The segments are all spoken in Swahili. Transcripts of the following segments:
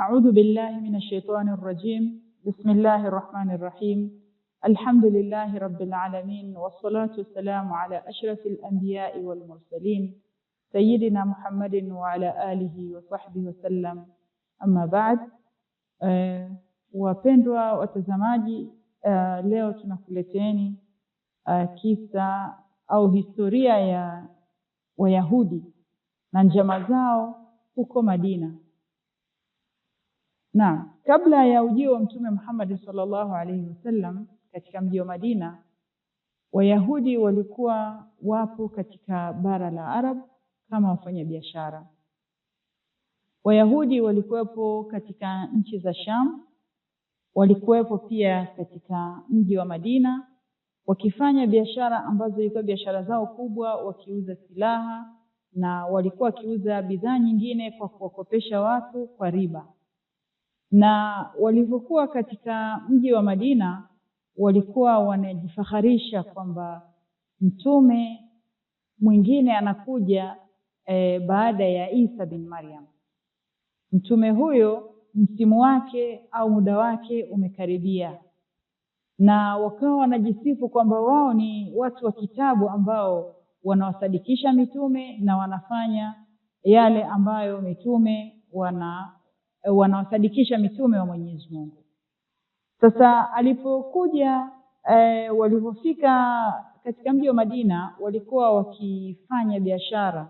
أعوذ بالله من الشيطان الرجيم بسم الله الرحمن الرحيم الحمد لله رب العالمين والصلاة والسلام على أشرف الأنبياء والمرسلين سيدنا محمد وعلى آله وصحبه وسلم أما بعد وفندوا آه، وتزماجي watazamaji uh, leo tunakuleteni uh, kisa au historia ya wayahudi na njama zao huko madina Na kabla ya ujio wa Mtume Muhammad sallallahu alaihi wasallam katika mji wa Madina, Wayahudi walikuwa wapo katika bara la Arab kama wafanya biashara. Wayahudi walikuwepo katika nchi za Sham, walikuwepo pia katika mji wa Madina wakifanya biashara ambazo ilikuwa biashara zao kubwa, wakiuza silaha na walikuwa wakiuza bidhaa nyingine kwa kuwakopesha watu kwa riba na walivyokuwa katika mji wa Madina walikuwa wanajifaharisha kwamba mtume mwingine anakuja e, baada ya Isa bin Maryam. Mtume huyo msimu wake au muda wake umekaribia, na wakawa wanajisifu kwamba wao ni watu wa kitabu ambao wanawasadikisha mitume na wanafanya yale ambayo mitume wana Eh, wanawasadikisha mitume wa Mwenyezi Mungu. Sasa alipokuja e, walivyofika katika mji wa Madina, walikuwa wakifanya biashara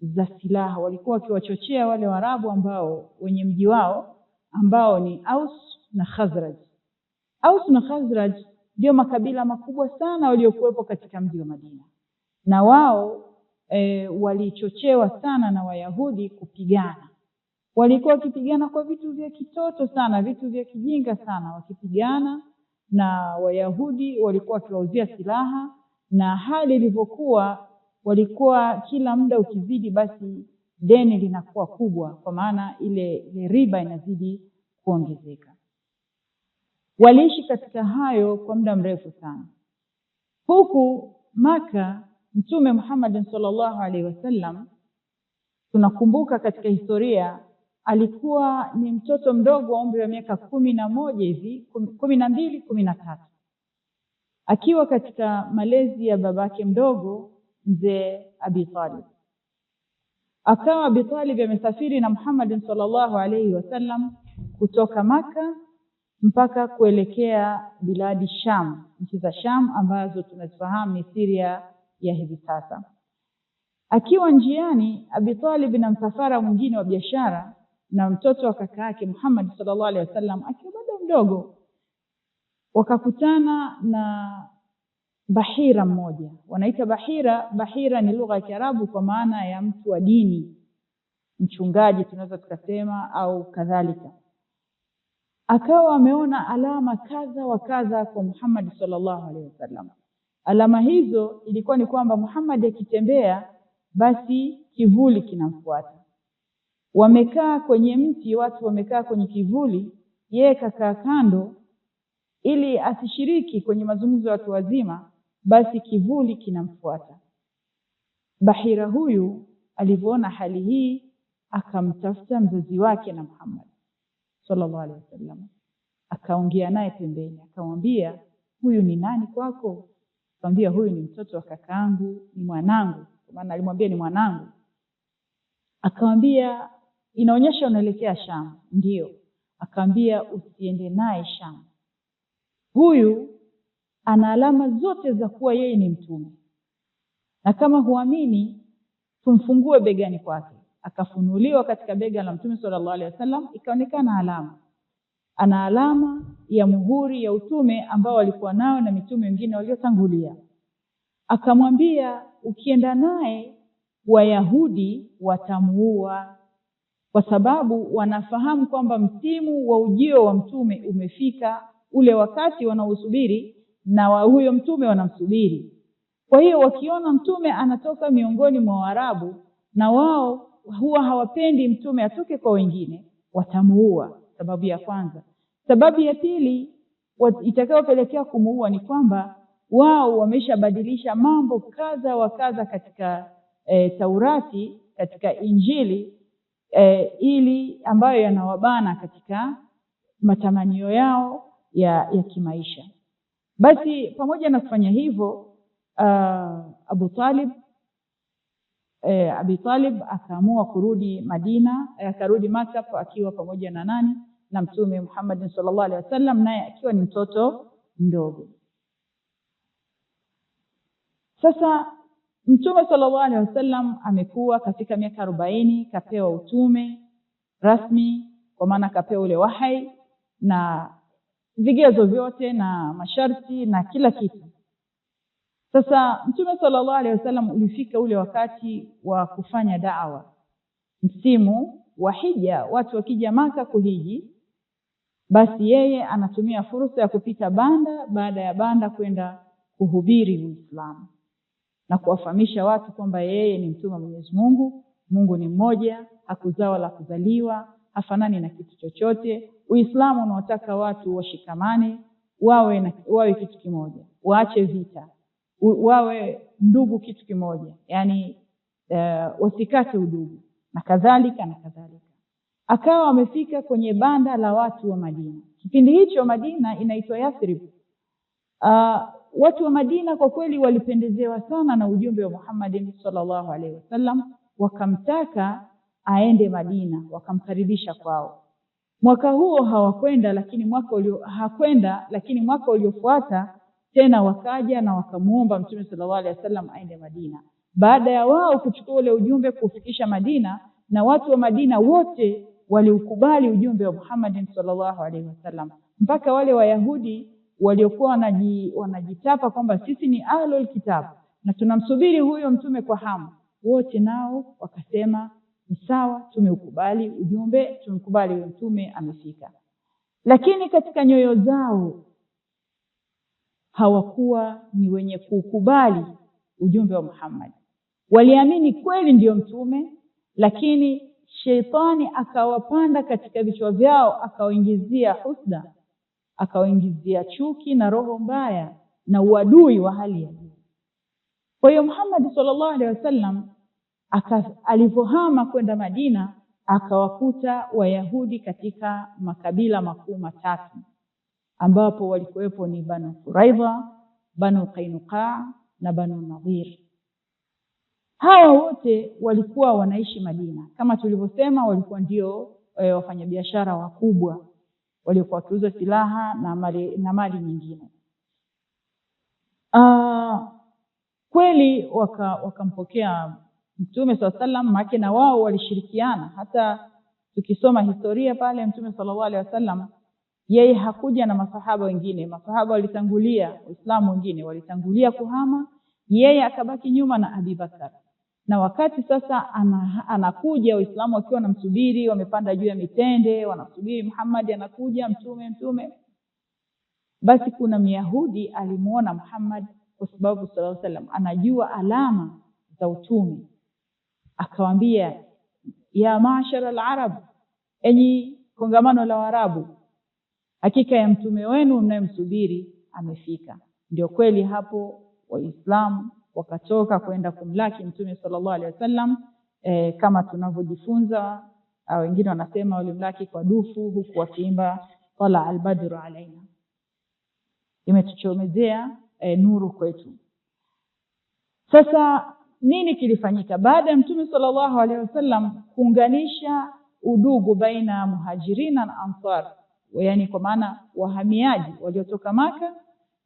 za silaha, walikuwa wakiwachochea wale Waarabu ambao wenye mji wao ambao ni Aus na Khazraj. Aus na Khazraj ndio makabila makubwa sana waliokuwepo katika mji wa Madina, na wao e, walichochewa sana na Wayahudi kupigana walikuwa wakipigana kwa vitu vya kitoto sana, vitu vya kijinga sana, wakipigana na Wayahudi walikuwa wakiwauzia silaha, na hali ilivyokuwa, walikuwa kila muda ukizidi, basi deni linakuwa kubwa, kwa maana ile ile riba inazidi kuongezeka. Waliishi katika hayo kwa muda mrefu sana, huku Maka Mtume Muhammadin sallallahu alaihi wasallam, tunakumbuka katika historia alikuwa ni mtoto mdogo wa umri wa miaka kumi na moja hivi kumi na mbili kumi na tatu akiwa katika malezi ya babake mdogo mzee Abi Talib. Akawa Abi Talib amesafiri na Muhammadin sallallahu alaihi wasallam kutoka Maka mpaka kuelekea biladi Sham, nchi za Sham ambazo tunazifahamu ni Siria ya hivi sasa. Akiwa njiani, Abi Talib na msafara mwingine wa biashara na mtoto wa kaka yake Muhammad sallallahu alaihi wasallam akiwa bado mdogo, wakakutana na bahira mmoja, wanaita bahira. Bahira ni lugha ya Kiarabu kwa maana ya mtu wa dini, mchungaji tunaweza tukasema, au kadhalika. Akawa ameona alama kadha wa kadha kwa Muhammad sallallahu alaihi wasallam. Alama hizo ilikuwa ni kwamba Muhammad akitembea, basi kivuli kinamfuata Wamekaa kwenye mti, watu wamekaa kwenye kivuli, yeye kakaa kando ili asishiriki kwenye mazungumzo ya watu wazima, basi kivuli kinamfuata. Bahira huyu alivyoona hali hii akamtafuta mzazi wake na Muhammad sallallahu alaihi wasallam, akaongea naye pembeni, akamwambia huyu ni nani kwako? Akamwambia huyu ni mtoto wa kakaangu, ni mwanangu, kwa maana alimwambia ni mwanangu. Akamwambia inaonyesha unaelekea Shamu. Ndiyo, akaambia usiende naye Shamu. Huyu ana alama zote za kuwa yeye ni mtume, na kama huamini tumfungue begani kwake. Akafunuliwa katika bega la Mtume sallallahu alaihi wasallam, ikaonekana alama. Ana alama ya muhuri ya utume ambao walikuwa nao na mitume wengine waliotangulia. Akamwambia, ukienda naye Wayahudi watamuua kwa sababu wanafahamu kwamba msimu wa ujio wa mtume umefika, ule wakati wanaosubiri na wa huyo mtume wanamsubiri. Kwa hiyo wakiona mtume anatoka miongoni mwa Waarabu, na wao huwa hawapendi mtume atoke kwa wengine, watamuua. Sababu ya kwanza. Sababu ya pili itakayopelekea kumuua ni kwamba wao wameshabadilisha mambo kadha wa kadha katika e, Taurati, katika Injili eh, ili ambayo yanawabana katika matamanio yao ya, ya kimaisha. Basi pamoja na kufanya hivyo uh, Abu Talib eh, Abi Talib akaamua kurudi Madina, eh, akarudi Makka akiwa pamoja na nani na Mtume Muhammad sallallahu alaihi wasallam, naye akiwa ni mtoto mdogo. Sasa Mtume sallallahu alaihi wasallam amekuwa katika miaka arobaini kapewa utume rasmi, kwa maana kapewa ule wahai na vigezo vyote na masharti na kila kitu. Sasa Mtume sallallahu alaihi wasallam ulifika ule wakati wa kufanya da'wa, msimu wa hija, watu wakija Maka kuhiji, basi yeye anatumia fursa ya kupita banda baada ya banda kwenda kuhubiri Uislamu na kuwafahamisha watu kwamba yeye ni mtume wa Mwenyezi Mungu, Mungu ni mmoja, hakuzaa wala kuzaliwa, hafanani na kitu chochote. Uislamu unaotaka watu washikamane, wawe na, wawe kitu kimoja, waache vita, wawe ndugu kitu kimoja, yaani uh, wasikate udugu na kadhalika na kadhalika. Akawa amefika kwenye banda la watu wa Madina. Kipindi hicho Madina inaitwa Yathrib. Uh, watu wa Madina kwa kweli walipendezewa sana na ujumbe wa Muhammad sallallahu alaihi wasallam, wakamtaka aende Madina, wakamkaribisha kwao. Mwaka huo hawakwenda, lakini mwaka ulio hakwenda, lakini mwaka uliofuata tena wakaja na wakamuomba Mtume sallallahu alaihi wasallam aende Madina, baada ya wao kuchukua ule ujumbe kuufikisha Madina, na watu wa Madina wote waliukubali ujumbe wa Muhammad sallallahu alaihi wasallam mpaka wale Wayahudi waliokuwa wanaji, wanajitapa kwamba sisi ni ahlul kitabu na tunamsubiri huyo mtume kwa hamu, wote nao wakasema ni sawa, tumeukubali ujumbe, tumekubali huyo mtume amefika. Lakini katika nyoyo zao hawakuwa ni wenye kuukubali ujumbe wa Muhammad. Waliamini kweli ndiyo mtume, lakini sheitani akawapanda katika vichwa vyao, akawaingizia husda akawaingizia chuki na roho mbaya na uadui wa hali ya juu kwa hiyo Muhammad sallallahu alaihi wasallam alivyohama kwenda madina akawakuta wayahudi katika makabila makuu matatu ambapo walikuwepo ni banu quraidha banu Qainuqa na banu nadhir hawa wote walikuwa wanaishi madina kama tulivyosema walikuwa ndio e, wafanyabiashara wakubwa waliokuwa wakiuza silaha na mali, na mali nyingine. Uh, kweli wakampokea waka Mtume saa salam, maake na wao walishirikiana. Hata tukisoma historia pale Mtume sallallahu alaihi wasallam yeye hakuja na masahaba wengine. Masahaba walitangulia, Waislamu wengine walitangulia kuhama, yeye akabaki nyuma na Abibakar na wakati sasa anakuja Waislamu wakiwa wanamsubiri, wamepanda juu ya mitende, wanasubiri Muhammad anakuja, mtume mtume. Basi kuna Myahudi alimuona Muhammad kwa sababu sallallahu alaihi wasallam anajua alama za utume, akawambia ya mashara al-arab, enyi kongamano la Waarabu, hakika ya mtume wenu mnayemsubiri amefika. Ndio kweli hapo Waislamu wakatoka kwenda kumlaki Mtume sallallahu alaihi wasallam e, kama tunavyojifunza. Wengine wanasema walimlaki kwa dufu, huku wakiimba tala albadru alaina, imetuchomezea e, nuru kwetu. Sasa nini kilifanyika baada ya Mtume sallallahu alaihi wasallam kuunganisha udugu baina ya muhajirina na ansar, yaani kwa maana wahamiaji waliotoka Maka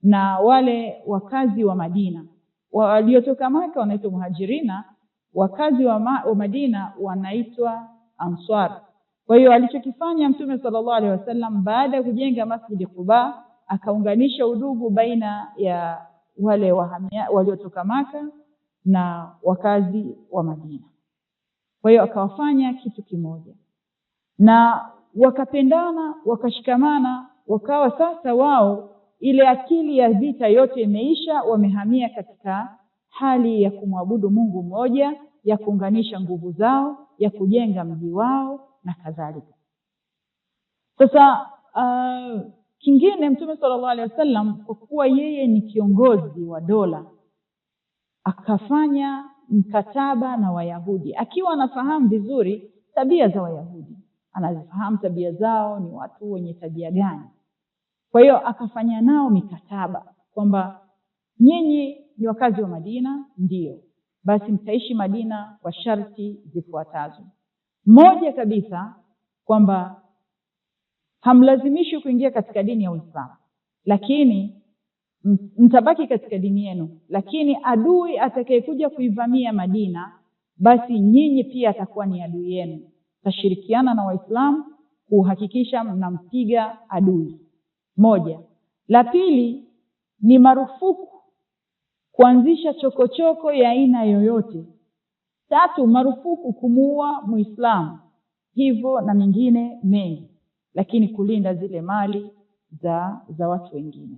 na wale wakazi wa Madina waliotoka Maka wanaitwa Muhajirina, wakazi wa, ma, wa Madina wanaitwa Answar. Kwa hiyo alichokifanya Mtume sallallahu alaihi wasallam baada ya kujenga Masjidi Quba akaunganisha udugu baina ya wale waliotoka Maka na wakazi wa Madina. Kwa hiyo akawafanya kitu kimoja na wakapendana, wakashikamana, wakawa sasa wao ile akili ya vita yote imeisha, wamehamia katika hali ya kumwabudu Mungu mmoja, ya kuunganisha nguvu zao, ya kujenga mji wao na kadhalika. Sasa uh, kingine Mtume sallallahu alaihi wasallam kwa kuwa yeye ni kiongozi wa dola akafanya mkataba na Wayahudi akiwa anafahamu vizuri tabia za Wayahudi, anazifahamu tabia zao, ni watu wenye tabia gani kwa hiyo akafanya nao mikataba kwamba nyinyi ni wakazi wa Madina, ndiyo basi mtaishi Madina kwa sharti zifuatazo. Moja kabisa, kwamba hamlazimishi kuingia katika dini ya Uislamu, lakini mtabaki katika dini yenu, lakini adui atakayekuja kuivamia Madina, basi nyinyi pia atakuwa ni adui yenu. Tashirikiana na Waislamu kuhakikisha mnampiga adui moja. La pili ni marufuku kuanzisha chokochoko ya aina yoyote. Tatu, marufuku kumuua Muislamu, hivyo na mengine mengi, lakini kulinda zile mali za za watu wengine.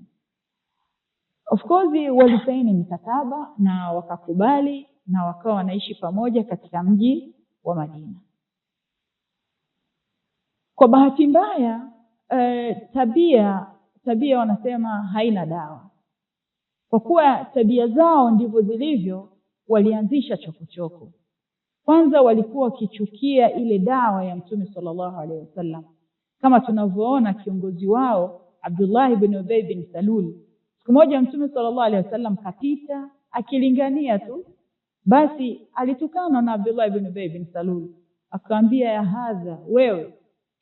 Of course walisaini mikataba na wakakubali na wakawa wanaishi pamoja katika mji wa Madina. Kwa bahati mbaya eh, tabia tabia wanasema haina dawa. Kwa kuwa tabia zao ndivyo zilivyo, walianzisha chokochoko. Kwanza walikuwa wakichukia ile dawa ya Mtume sallallahu alaihi wasallam, kama tunavyoona kiongozi wao Abdullahi bin Ubay bin Salul. Siku moja Mtume sallallahu alaihi wasallam kapita akilingania tu, basi alitukana na Abdullahi bin Ubay bin Salul, akaambia ya hadha, wewe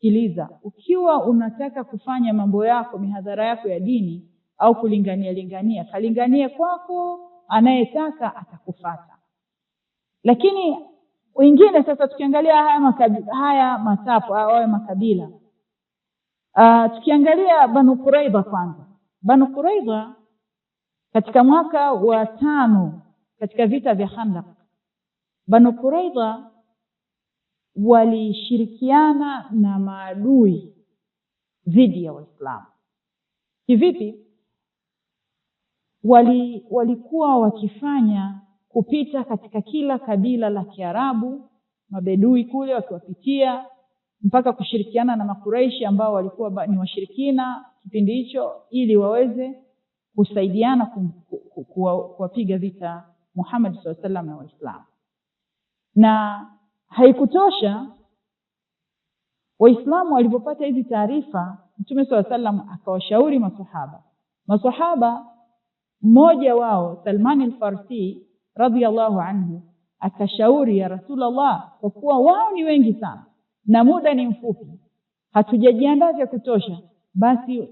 Sikiliza, ukiwa unataka kufanya mambo yako, mihadhara yako ya dini au kulingania lingania, kalinganie kwako, anayetaka atakufata. Lakini wengine sasa, tukiangalia haya makabila, haya matatu haya makabila uh, tukiangalia Banu kuraidha kwanza, Banu Quraiba katika mwaka wa tano katika vita vya Khandaq, Banu Quraiba walishirikiana na maadui dhidi ya Waislamu. Kivipi? Wali, walikuwa wakifanya kupita katika kila kabila la Kiarabu, mabedui kule wakiwapitia mpaka kushirikiana na Makuraishi ambao walikuwa ni washirikina kipindi hicho, ili waweze kusaidiana kuwapiga vita Muhammad sallallahu alaihi wasallam na Waislamu na Haikutosha, Waislamu walipopata hizi taarifa, Mtume swalla sallam akawashauri masahaba. Masahaba mmoja wao Salmani farsi radhiyallahu anhu akashauri, ya Rasulullah, kwa kuwa wao ni wengi sana na muda ni mfupi, hatujajiandaa vya kutosha, basi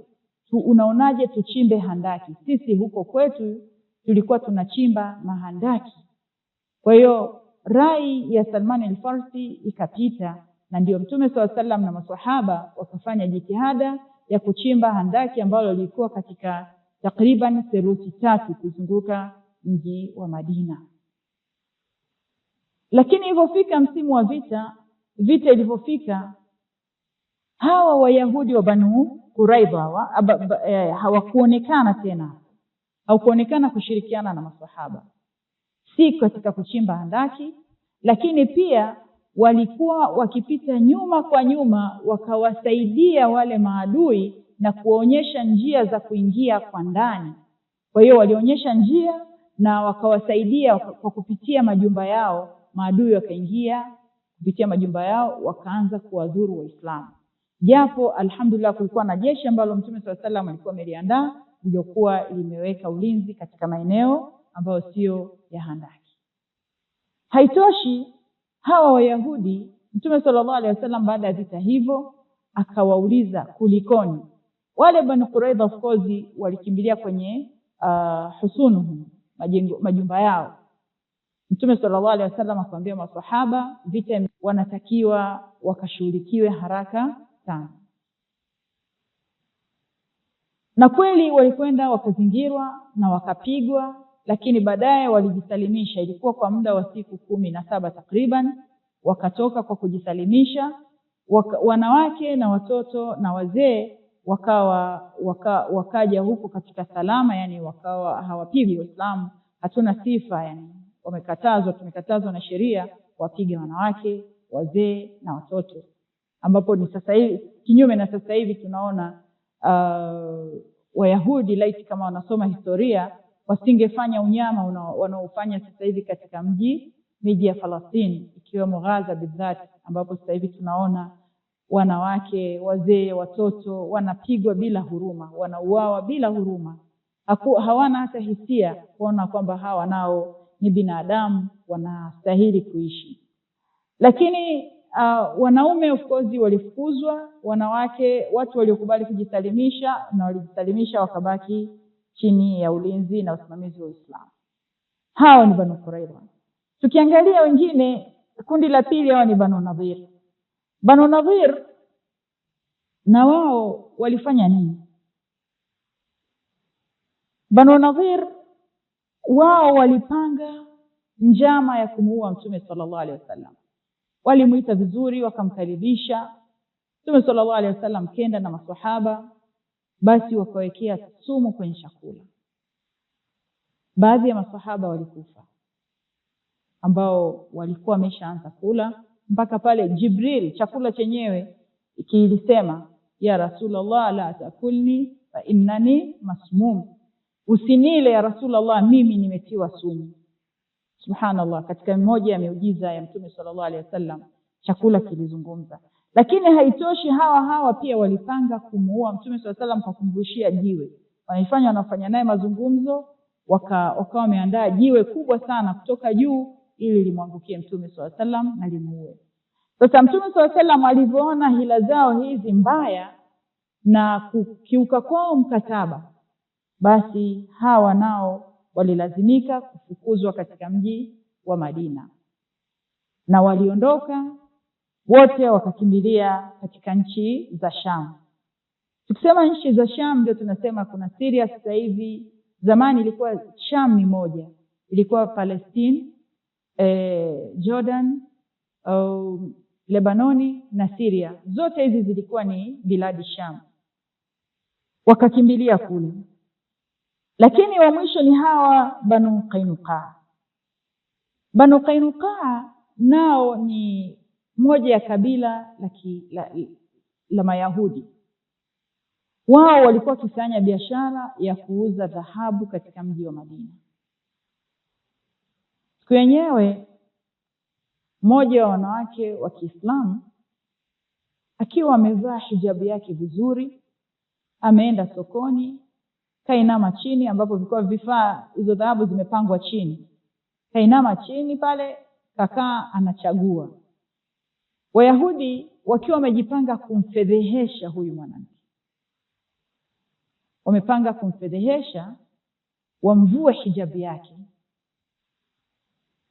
tu unaonaje tuchimbe handaki? Sisi huko kwetu tulikuwa tunachimba mahandaki, kwa hiyo rai ya Salman al-Farsi ikapita, na ndiyo Mtume swalla salam na maswahaba wakafanya jitihada ya kuchimba handaki ambalo lilikuwa katika takriban seruti tatu kuzunguka mji wa Madina. Lakini ilivyofika msimu wa vita, vita ilivyofika, hawa Wayahudi wa Banu Quraidha eh, hawakuonekana tena, hawakuonekana kushirikiana na maswahaba si katika kuchimba handaki, lakini pia walikuwa wakipita nyuma kwa nyuma, wakawasaidia wale maadui na kuwaonyesha njia za kuingia kwa ndani. Kwa hiyo walionyesha njia na wakawasaidia kwa kupitia majumba yao, maadui wakaingia kupitia majumba yao, wakaanza kuwadhuru Waislamu. Japo alhamdulillah kulikuwa na jeshi ambalo Mtume swalla salam alikuwa ameliandaa, liliokuwa limeweka ulinzi katika maeneo ambayo sio ya handaki haitoshi hawa wayahudi mtume sallallahu alehi wasallam baada ya vita hivyo akawauliza kulikoni wale bani quraidha of course walikimbilia kwenye uh, husunuhum majengo, majumba yao mtume sallallahu alaihi wasallam akamwambia masahaba vita wanatakiwa wakashughulikiwe haraka sana na kweli walikwenda wakazingirwa na wakapigwa lakini baadaye walijisalimisha. Ilikuwa kwa muda wa siku kumi na saba takriban, wakatoka kwa kujisalimisha waka, wanawake na watoto na wazee wakawa waka, wakaja huko katika salama, yani wakawa hawapigi Waislamu, hatuna sifa yani, wamekatazwa, tumekatazwa na sheria wapige wanawake, wazee na watoto, ambapo ni sasa hivi kinyume na sasa hivi tunaona uh, Wayahudi laiti kama wanasoma historia wasingefanya unyama wanaofanya sasa hivi katika mji miji ya Falastini ikiwemo Gaza bidhati, ambapo sasa hivi tunaona wanawake, wazee, watoto wanapigwa bila huruma, wanauawa bila huruma. Haku, hawana hata hisia kuona kwamba hawa nao ni binadamu wanastahili kuishi. Lakini uh, wanaume of course walifukuzwa, wanawake, watu waliokubali kujisalimisha na walijisalimisha wakabaki chini ya ulinzi na usimamizi wa Uislamu. Hao ni Banu Qurayza. Tukiangalia wengine, kundi la pili, hao ni Banu Nadhir. Banu Nadhir na wao walifanya nini? Banu Nadhir wao walipanga njama ya kumuua Mtume sallallahu alaihi wasallam. Walimuita vizuri, wakamkaribisha Mtume sallallahu alaihi wasallam, kenda na maswahaba basi wakawekea sumu kwenye chakula. Baadhi ya masahaba walikufa ambao walikuwa wameshaanza kula mpaka pale Jibril chakula chenyewe kilisema, ya Rasulullah la takulni fa innani masmum, usinile ya Rasulullah, mimi nimetiwa sumu. Subhanallah, katika moja ya miujiza ya Mtume sallallahu alaihi wasallam chakula kilizungumza lakini haitoshi hawa hawa pia walipanga kumuua mtume saa salam kwa kumrushia jiwe wanaifanya wanafanya naye mazungumzo wakawa wameandaa jiwe kubwa sana kutoka juu ili limwangukie mtume saa salam na limuue sasa mtume saa salam alivyoona hila zao hizi mbaya na kukiuka kwao mkataba basi hawa nao walilazimika kufukuzwa katika mji wa madina na waliondoka wote wakakimbilia katika nchi za Sham. Tukisema nchi za Sham ndio tunasema kuna Syria sasa hivi. Zamani ilikuwa Sham ni moja, ilikuwa Palestine, eh, Jordan, um, Lebanoni na Syria, zote hizi zilikuwa ni biladi Sham, wakakimbilia kule. Lakini wa mwisho ni hawa Banu Qainuqa. Banu Qainuqa nao ni moja ya kabila la, ki, la, la Mayahudi. Wao walikuwa wakifanya biashara ya kuuza dhahabu katika mji wa Madina. Siku yenyewe mmoja wa wanawake wa Kiislamu akiwa amevaa hijabu yake vizuri, ameenda sokoni, kainama chini, ambapo vilikuwa vifaa hizo dhahabu zimepangwa chini, kainama chini pale, kakaa anachagua Wayahudi wakiwa wamejipanga kumfedhehesha huyu mwanamke, wamepanga kumfedhehesha, wamvue hijabu yake.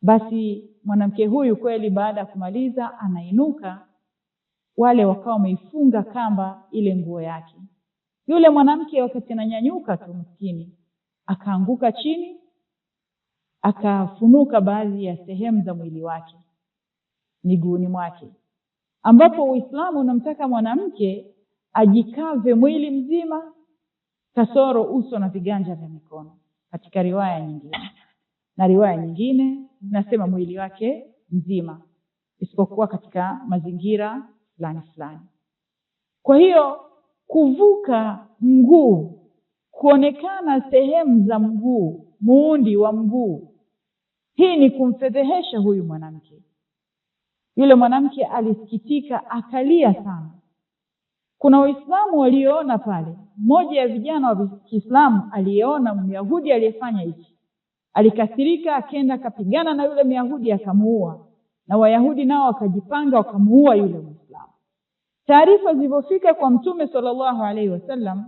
Basi mwanamke huyu kweli, baada ya kumaliza, anainuka. Wale wakawa wameifunga kamba ile nguo yake. Yule mwanamke wakati ananyanyuka tu, maskini akaanguka chini, akafunuka baadhi ya sehemu za mwili wake miguuni mwake ambapo Uislamu unamtaka mwanamke ajikave mwili mzima kasoro uso na viganja vya mikono, katika riwaya nyingine na riwaya nyingine nasema mwili wake mzima, isipokuwa katika mazingira fulani fulani. Kwa hiyo kuvuka mguu, kuonekana sehemu za mguu, muundi wa mguu, hii ni kumfedhehesha huyu mwanamke. Yule mwanamke alisikitika, akalia sana. Kuna Waislamu walioona pale. Mmoja ya vijana wa Kiislamu aliyeona Myahudi aliyefanya hichi alikasirika, akenda akapigana na yule Myahudi akamuua, na Wayahudi nao wakajipanga wakamuua yule Muislamu. Taarifa zilivyofika kwa Mtume sallallahu alaihi wasallam,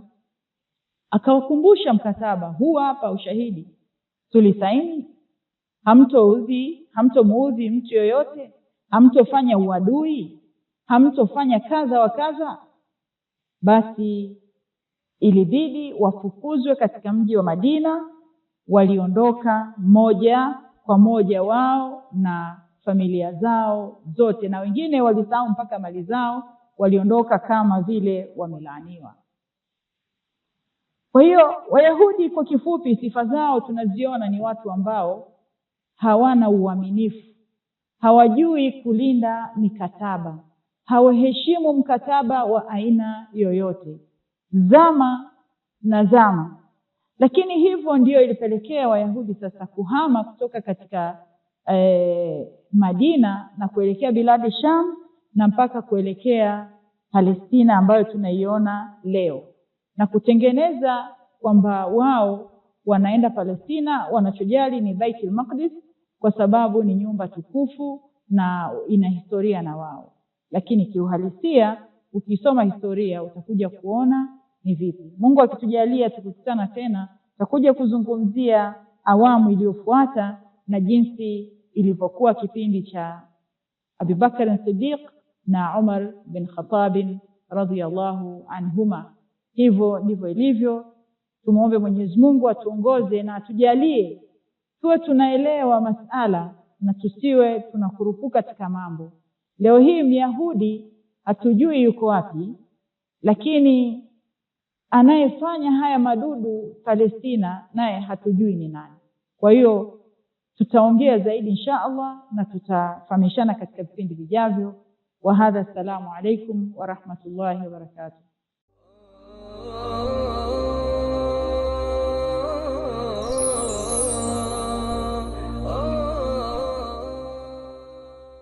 akawakumbusha mkataba huu, hapa ushahidi tulisaini, hamtouzi hamtomuuzi mtu yoyote hamtofanya uadui, hamtofanya kadha wa kadha, basi ilibidi wafukuzwe katika mji wa Madina. Waliondoka moja kwa moja wao na familia zao zote, na wengine walisahau mpaka mali zao, waliondoka kama vile wamelaaniwa. Kwa hiyo Wayahudi, kwa kifupi, sifa zao tunaziona ni watu ambao hawana uaminifu hawajui kulinda mikataba, hawaheshimu mkataba wa aina yoyote, zama na zama. Lakini hivyo ndiyo ilipelekea Wayahudi sasa kuhama kutoka katika eh, Madina na kuelekea biladi Sham na mpaka kuelekea Palestina ambayo tunaiona leo na kutengeneza kwamba wao wanaenda Palestina, wanachojali ni Baitul Maqdis kwa sababu ni nyumba tukufu na ina historia na wao, lakini kiuhalisia ukisoma historia utakuja kuona ni vipi. Mungu akitujalia tukikutana tena, tutakuja kuzungumzia awamu iliyofuata na jinsi ilivyokuwa kipindi cha Abubakar Siddiq na Umar bin Khattab radhiyallahu anhuma. Hivyo ndivyo ilivyo. Tumwombe Mwenyezi Mungu atuongoze na atujalie tuwe tunaelewa masala na tusiwe tunakurupuka katika mambo. Leo hii Myahudi hatujui yuko wapi, lakini anayefanya haya madudu Palestina naye hatujui ni nani. Kwa hiyo tutaongea zaidi insha Allah na tutafahamishana katika vipindi vijavyo. Wa hadha, assalamu alaikum warahmatullahi wabarakatuh.